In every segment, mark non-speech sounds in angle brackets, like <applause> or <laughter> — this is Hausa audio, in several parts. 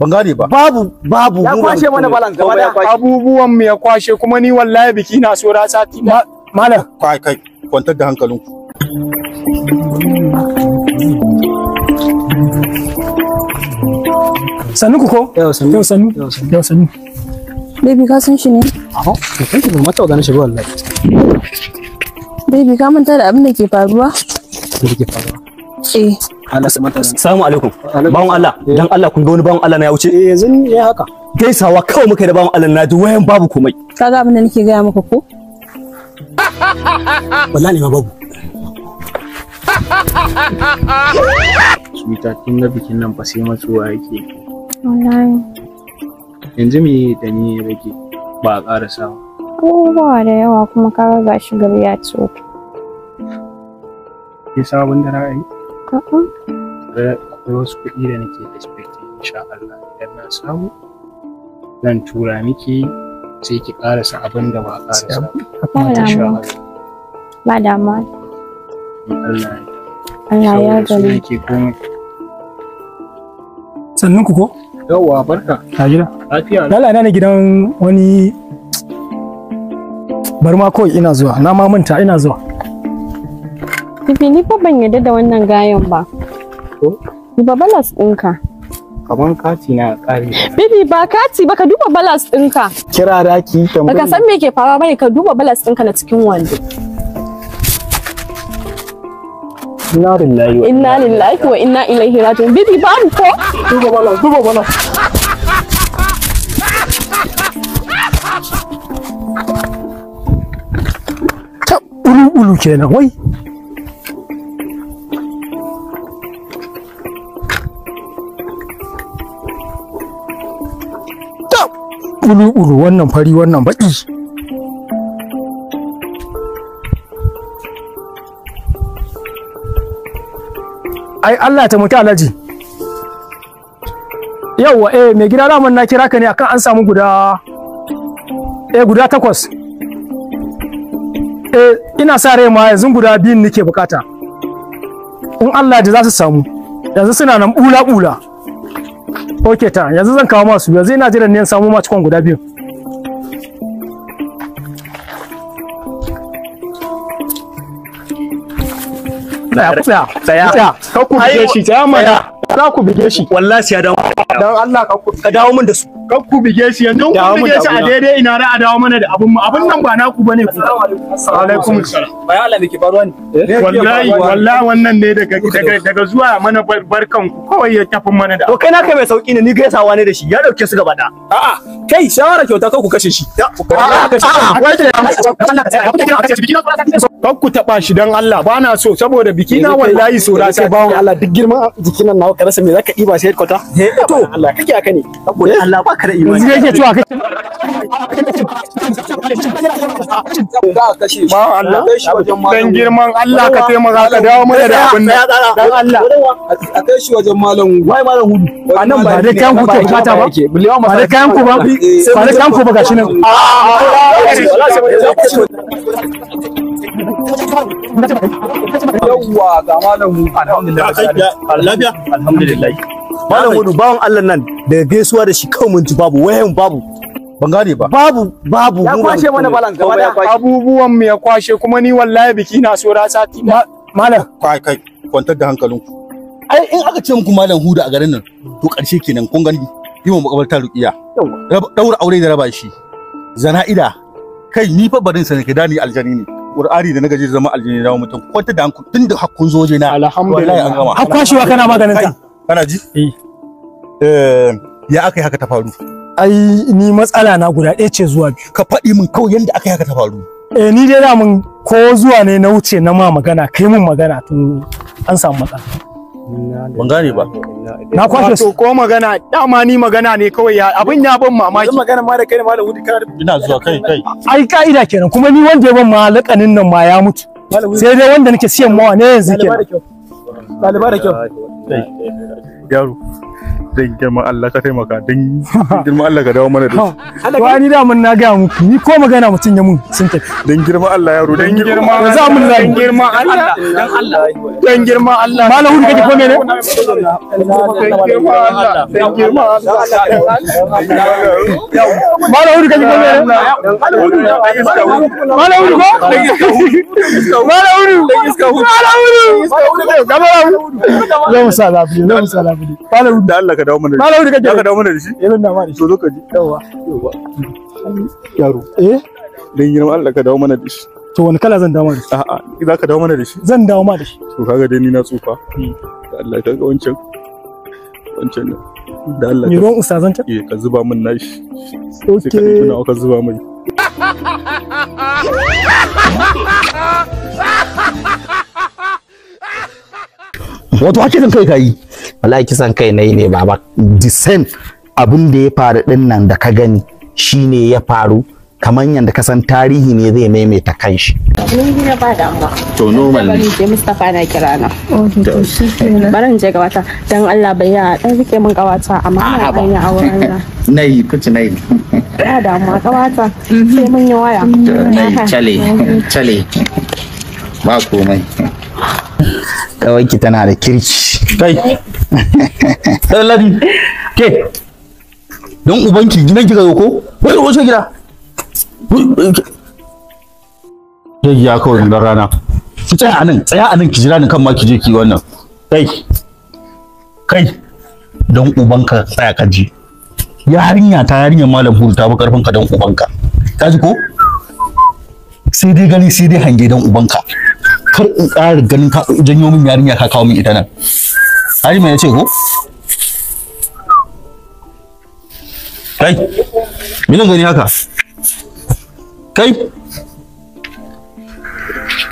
ban gane ba babu babu ya kwashe mana balance gaba da abubuwan mu ya kwashe kuma ni wallahi biki na so ra sati malam kai kai kwantar da hankalinku sannu ku ko yau sannu yau sannu yau sannu baby ka san shi ne aho to kanki ba mata gane shi wallahi baby ka manta da abin da ke faruwa da ke faruwa eh assalamu alaikum bawon Allah eh. dan Allah kun ga wani bawon Allah na ya wuce eh yanzu ne haka gaisawa kawai muka da bawon Allah na ji wayan babu komai Ka ga abin da nake gaya maka ko <laughs> wallahi ma babu cuta kin na bikin nan fa sai matsuwa yake wallahi yanzu me da ni rage ba a ƙara sawa abubuwa da yawa kuma kaga gashi gari ya tsoto ke sabon da na yi? akwai wasu kuɗi da nake expecting insha Allah idan na samu zan tura miki sai ki karasa abin da ba karasa ba insha Allah ba damuwa Allah sannan ku ko ne gidan wani ina zuwa ma manta ina zuwa Dibi ni ko ban yarda da wannan gayon ba. Ko? Duba balas ɗinka. Kaman kati na ƙari. Bibi ba kati ba ka duba balas ɗinka. Kira da ki tambayi. Baka san me ke faruwa bane ka duba balas ɗinka na cikin wando. Inna lillahi wa inna lillahi wa inna ilaihi raji'un. Bibi ba mu ko? Duba balas, duba balas. Ulu-ulu kenan wai. ulu-ulu wannan fari wannan baƙi ai Allah ta mutu alaji yawwa eh mai gida daman na kira ka ne akan an samu guda eh guda takwas eh ina sa rai ma yanzu guda biyun nake bukata in Allah da za su samu yanzu suna nan bula-bula ok ta yanzu zan kawo masu yanzu ina jiran ne samu ma guda biyu Tsaya, tsaya, tsaya, ka ku bige shi, tsaya mana. Za ku bige shi. Wallahi ya dawo. Dan Allah ka ku. Ka dawo min da su. kan ku bige shi yanzu ku bige shi a daidai ina ra a dawo mana da abun mu abun nan ba naku bane ku alaikum salam bai Allah miki faruwa eh, wallahi wallahi wannan ne daga daga zuwa mana barkan ku kawai ya tafi mana da to kai naka mai sauki ne ni gaisawa ne da shi ya dauke su gaba da a'a kai shawara kyauta kan ku kashe shi kan ku taba shi dan Allah ba na so saboda biki na wallahi so da sai bawon Allah duk girman jikin nan nawa ka me zaka diba sai kwata to Allah kake ne saboda eh, Allah ba baka da imani yanzu yake cewa kace ba Allah dan girman Allah ka ka dawo da abin nan dan Allah a kai shi wajen malam wai malam hudu anan ba da kayan ku ke ba ba ku ba ba ku ba gashi nan yawwa ga malam alhamdulillah alhamdulillah malam wudu bawan Allah nan daga gaisuwa da shi kawai mun ci babu wayan babu ban gane ba babu babu ya kwashe mana balan gaba da abubuwan mu ya kwashe kuma ni wallahi biki na so sati malam kai kai kwantar da hankalinku ai in aka ce muku malam huda a garin nan to karshe kenan kun gani yi wa makabarta ruqiya daura aure da raba shi zana'ida kai ni fa barin sa ne ka dani aljani ne qur'ani da na gaje zama aljani dawo mutum kwanta da hankali tun da hakkun zo na alhamdulillah an gama har kwashewa kana maganin ka kana ji eh Eh, ya aka yi haka ta faru ai ni matsala na guda ɗaya ce zuwa biyu ka faɗi min kawai yadda aka yi haka ta faru eh ni dai da mun ko zuwa ne na wuce na ma magana kai mun magana to an samu matsala ban gane ba na kwashe su ko magana dama ni magana ne kawai ya abin ya ban mamaki yanzu magana ma da kai malam Hudi kana ina zuwa kai kai ai ka'ida kenan kuma ni wanda ya ban ma lakanin nan ma ya mutu sai dai wanda nake siyan mawa ne yanzu kenan ɗaliba da kyau yaro dan girman Allah ka taimaka girman Allah ka dawo mana da da mun na muku ni ko magana mutun ya mun sun tafi dan girman Allah yaro don girman za girman Allah Allah girman Allah hudu kake ko hudu hudu hudu hudu hudu hudu ka dawo mana malam kake ka dawo mana da shi eh ma da shi to zo ka ji yawa yawa yaro eh dan girma Allah ka dawo mana da shi to wani kala zan dawo mana da shi a'a za ka dawo mana da shi zan dawo mana da shi to kaga dai ni na tsufa hmm. da Allah ka ga wancan wancan ne da Allah ni ruwan ustazan ta eh ka zuba min nashi okay ka tuna ka zuba mai wato ake zan kai ka yi wallahi kisan kai nayi ne baba the same da ya faru din nan da ka gani shine ya faru kamar yadda san tarihi ne zai maimaita kanshi. Ni gina ba damuwa. To normal ne. Bari Mustapha na kira na. To shi kenan. Baran je gawata dan Allah bai ya dan rike min gawata amma na anya a wurin na. Nayi kuci yi. Ba damuwa gawata sai mun yi waya. Mm-hmm. Nayi chale chale. Ba komai. Kawai ki tana da kirki. Kai. Ladi, ke, don ubanki gidan kika zo ko? Wai wace gida? Zai ya kawai na rana. Ki tsaya anan, tsaya anan ki jira ni kan ma ki je ki wannan. Kai, kai, don ubanka tsaya ka ji. Yarinya ta yarinya malam huru ta bi karfinka don ubanka. Ka ji ko? Sai dai gani sai dai hange don ubanka. Kar in ƙara ganin ka janyo min yarinya ka kawo min ita nan. Hari ya ce ko? Kai. Me gani haka? Kai.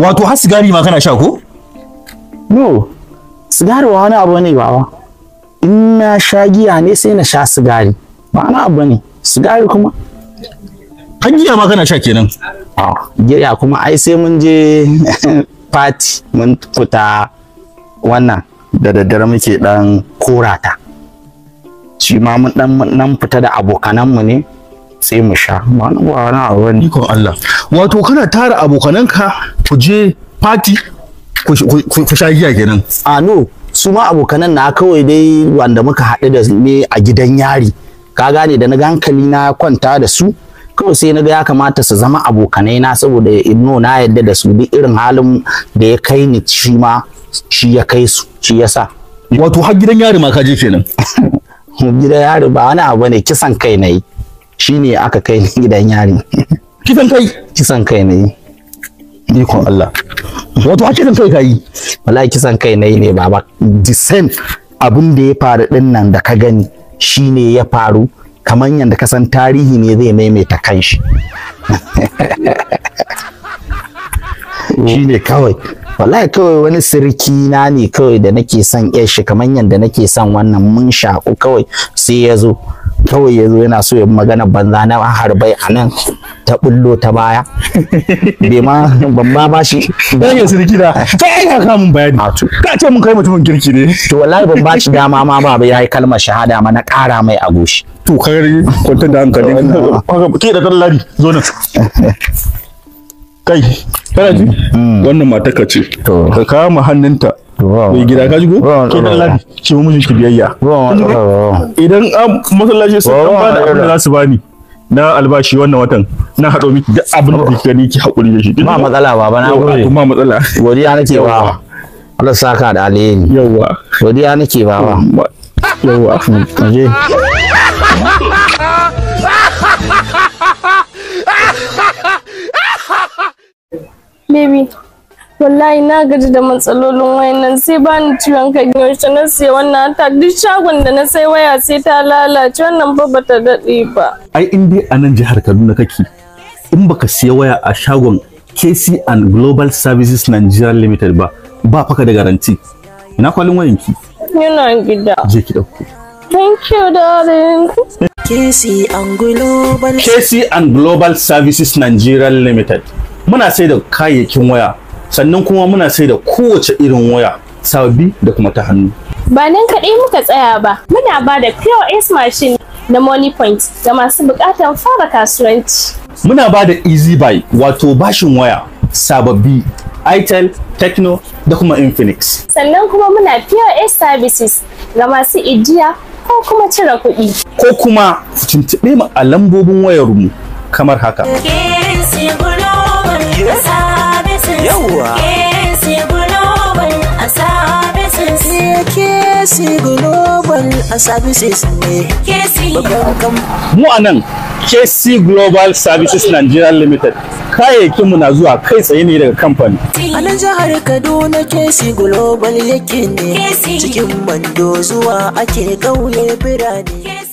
Wato har sigari ma kana sha ko? No. Sigari wa wani abu ne baba. In na sha giya ne sai na sha sigari. Ba wani abu ne. Sigari kuma har giya ma kana sha kenan ah, giya kuma ai sai mun je <laughs> party mun fita wannan da daddare muke dan korata shi ma mun dan nan fita da mu ne sai mu sha ba wani a ne ko Allah wato kana tara abokananka ku je party ku sha giya kenan a no su ma abokanan na kawai dai wanda muka haɗu da ne a gidan yari ka gane da na ga hankali na kwanta da su kawai sai na ga ya kamata su zama abokanai eh, na saboda inno na yadda da su duk irin halin da ya kai ni shi ma shi ya kai su shi ya sa wato har gidan yari ma ka je kenan <laughs> gidan yari ba wani abu ne kisan kai na yi ne aka kai gidan yari kisan kai kisan kai na yi ikon Allah wato har kisan kai ka yi wallahi kisan kai na yi ne baba the same abin da ya faru din nan da ka gani shi ne ya faru kamar yadda ka san tarihi ne zai maimaita kanshi <laughs> shine kawai wallahi kawai wani sirki na ne kawai da nake son yar shi kamar yadda nake son wannan mun shaku kawai sai ya zo kawai ya zo yana so ya magana banza na harbai a nan ta bullo ta baya <laughs> bai ma ban ma ba shi dan ya sirki da kai ai ka mun bayani ah, ka ce mun kai mutumin kirki ne to wallahi ban ba shi dama ma ba ya yi kalmar shahada ma na ƙara mai goshi to kai kwantar da hankali <laughs> ke da dallari zo nan kai kana hmm. wannan wannan mataka ce ka kama hannunta mai gida ka jigo ke da Allah ce mu shi biyayya idan an masallaci sun an bani abin da za su bani na albashi wannan watan na haɗo miki da abin da kika ni ki haƙuri da shi ba matsala ba ba na gode ba matsala godiya nake ba Allah saka da alheri yawa godiya nake ba ba yawa aje <laughs> Baby, wallahi na gaji da matsalolin wayannan sai ba ni ciwon kai yaushe na sai wannan ta duk shagon da na sai waya sai ta lalace wannan ba bata daɗe ba. Ai in dai a nan jihar Kaduna kake in baka siya waya a shagon KC and Global Services Nigeria Limited ba ba faka da garanti. Ina kwalin wayanki? Yana gida. Je ki ɗauko. Thank you darling. KC and Global KC and Global Services Nigeria Limited. muna sai da kayayyakin waya sannan kuma muna sai da kowace irin waya sababbi da kuma ta hannu ba nan kaɗai muka tsaya ba muna ba da pos machine na money point ga masu buƙatar fara kasuwanci muna ba da easy buy wato bashin waya sababbi itel techno da kuma infinix sannan kuma muna pos services ga masu ijiya ko kuma cire kuɗi ko kuma tuntuɓe mu a lambobin wayarmu kamar haka yawwa kesi global a services KC Global Services Nigeria Limited. Kayayyakinmu na zuwa kai tsaye ne daga kamfani. A nan jihar Kaduna KC Global yake ne cikin Mando zuwa ake ƙauye birane.